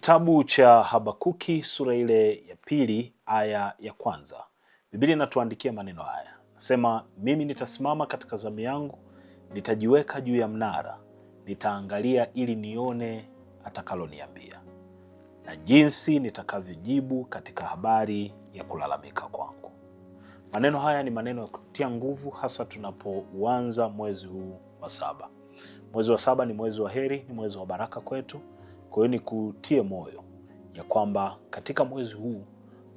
Kitabu cha Habakuki sura ile ya pili aya ya kwanza, Biblia inatuandikia maneno haya, nasema mimi nitasimama katika zamu yangu, nitajiweka juu ya mnara, nitaangalia ili nione atakaloniambia na jinsi nitakavyojibu katika habari ya kulalamika kwangu. Maneno haya ni maneno ya kutia nguvu, hasa tunapouanza mwezi huu wa saba. Mwezi wa saba ni mwezi wa heri, ni mwezi wa baraka kwetu kwa hiyo ni kutie moyo ya kwamba katika mwezi huu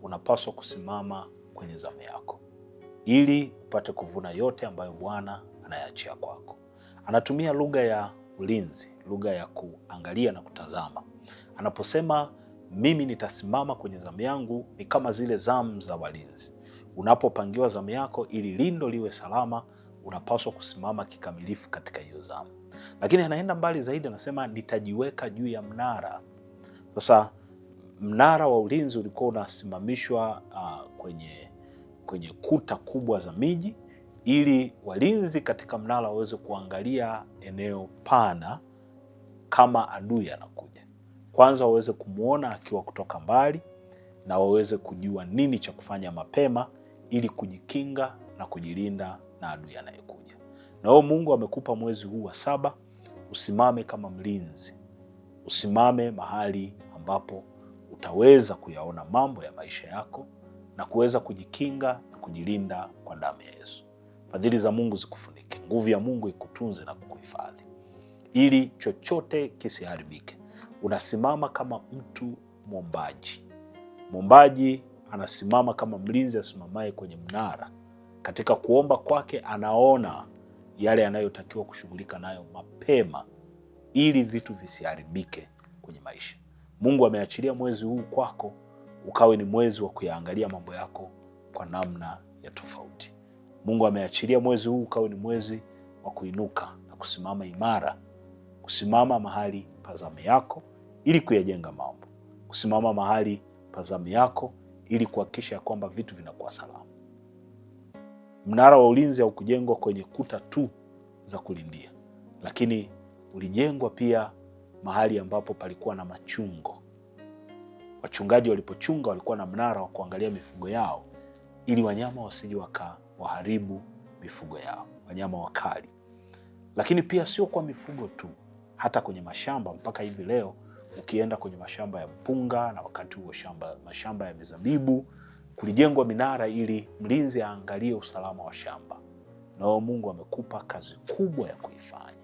unapaswa kusimama kwenye zamu yako ili upate kuvuna yote ambayo Bwana anayaachia kwako. Anatumia lugha ya ulinzi, lugha ya kuangalia na kutazama. Anaposema mimi nitasimama kwenye zamu yangu, ni kama zile zamu za walinzi. Unapopangiwa zamu yako ili lindo liwe salama unapaswa kusimama kikamilifu katika hiyo zamu. Lakini anaenda mbali zaidi, anasema nitajiweka juu ya mnara. Sasa mnara wa ulinzi ulikuwa unasimamishwa uh, kwenye, kwenye kuta kubwa za miji ili walinzi katika mnara waweze kuangalia eneo pana kama adui anakuja, kwanza waweze kumwona akiwa kutoka mbali na waweze kujua nini cha kufanya mapema ili kujikinga na kujilinda na adui anayekuja. Na wewe Mungu amekupa mwezi huu wa saba, usimame kama mlinzi, usimame mahali ambapo utaweza kuyaona mambo ya maisha yako na kuweza kujikinga na kujilinda kwa damu ya Yesu. Fadhili za Mungu zikufunike, nguvu ya Mungu ikutunze na kukuhifadhi, ili chochote kisiharibike. Unasimama kama mtu mwombaji. Mwombaji anasimama kama mlinzi asimamaye kwenye mnara katika kuomba kwake anaona yale yanayotakiwa kushughulika nayo mapema ili vitu visiharibike kwenye maisha. Mungu ameachilia mwezi huu kwako ukawe ni mwezi wa kuyaangalia mambo yako kwa namna ya tofauti. Mungu ameachilia mwezi huu ukawe ni mwezi wa kuinuka na kusimama imara, kusimama mahali pa zamu yako ili kuyajenga mambo, kusimama mahali pa zamu yako ili kuhakikisha ya kwamba vitu vinakuwa salama. Mnara wa ulinzi haukujengwa kwenye kuta tu za kulindia, lakini ulijengwa pia mahali ambapo palikuwa na machungo. Wachungaji walipochunga walikuwa na mnara wa kuangalia mifugo yao, ili wanyama wasije wakawaharibu mifugo yao, wanyama wakali. Lakini pia sio kwa mifugo tu, hata kwenye mashamba. Mpaka hivi leo ukienda kwenye mashamba ya mpunga na wakati huo mashamba ya mizabibu kulijengwa minara ili mlinzi aangalie usalama wa shamba. nao Mungu amekupa kazi kubwa ya kuifanya,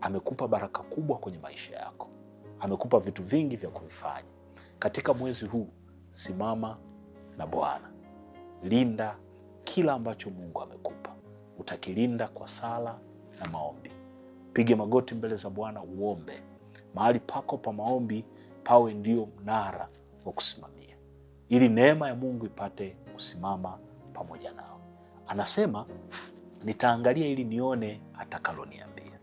amekupa baraka kubwa kwenye maisha yako, amekupa vitu vingi vya kuvifanya katika mwezi huu. Simama na Bwana, linda kila ambacho Mungu amekupa. Utakilinda kwa sala na maombi. pige magoti mbele za Bwana uombe, mahali pako pa maombi pawe ndio mnara wa kusimamia ili neema ya Mungu ipate kusimama pamoja nao. Anasema, nitaangalia ili nione atakaloniambia.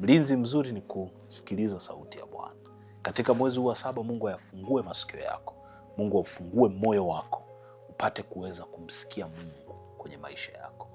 Mlinzi mzuri ni kusikiliza sauti ya Bwana. Katika mwezi huu wa saba, Mungu ayafungue masikio yako, Mungu aufungue moyo wako, upate kuweza kumsikia Mungu kwenye maisha yako,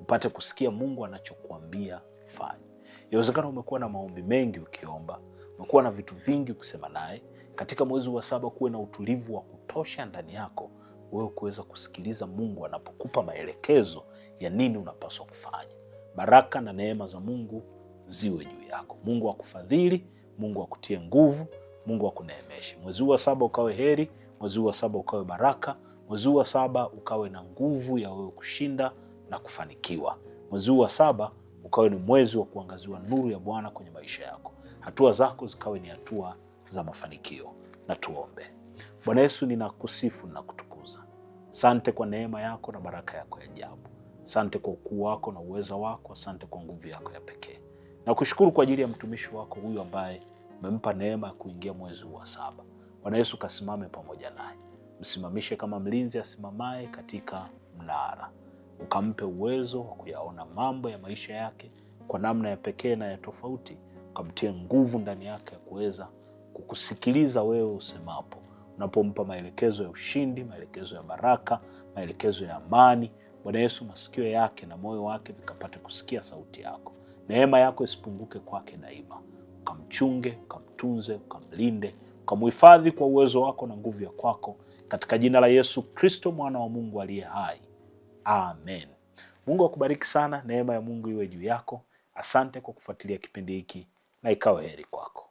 upate kusikia Mungu anachokuambia fanya. Yawezekana umekuwa na maombi mengi ukiomba, umekuwa na vitu vingi ukisema naye katika mwezi wa saba kuwe na utulivu wa kutosha ndani yako, wewe kuweza kusikiliza Mungu anapokupa maelekezo ya nini unapaswa kufanya. Baraka na neema za Mungu ziwe juu yako. Mungu akufadhili, Mungu akutie nguvu, Mungu akuneemeshe. Mwezi wa saba ukawe heri, mwezi wa saba ukawe baraka, mwezi wa saba ukawe na nguvu ya wewe kushinda na kufanikiwa. Mwezi wa saba ukawe ni mwezi wa kuangaziwa nuru ya Bwana kwenye maisha yako, hatua zako zikawe ni hatua za mafanikio. Na tuombe. Bwana Yesu, ninakusifu na kutukuza. Sante kwa neema yako na baraka yako ya ajabu. Sante kwa ukuu wako na uweza wako. Sante kwa nguvu yako ya pekee. Nakushukuru kwa ajili ya mtumishi wako huyu ambaye umempa neema ya kuingia mwezi huu wa saba. Bwana Yesu, kasimame pamoja naye, msimamishe kama mlinzi asimamaye katika mnara, ukampe uwezo wa kuyaona mambo ya maisha yake kwa namna ya pekee na ya tofauti, ukamtie nguvu ndani yake ya kuweza kukusikiliza wewe usemapo, unapompa maelekezo ya ushindi, maelekezo ya baraka, maelekezo ya amani. Bwana Yesu, masikio yake na moyo wake vikapate kusikia sauti yako. Neema yako isipunguke kwake daima, ukamchunge, ukamtunze, ukamlinde, ukamuhifadhi kwa uwezo wako na nguvu ya kwako, katika jina la Yesu Kristo, mwana wa Mungu aliye hai, amen. Mungu akubariki sana. Neema ya Mungu iwe juu yako. Asante kwa kufuatilia kipindi hiki, na ikawa heri kwako.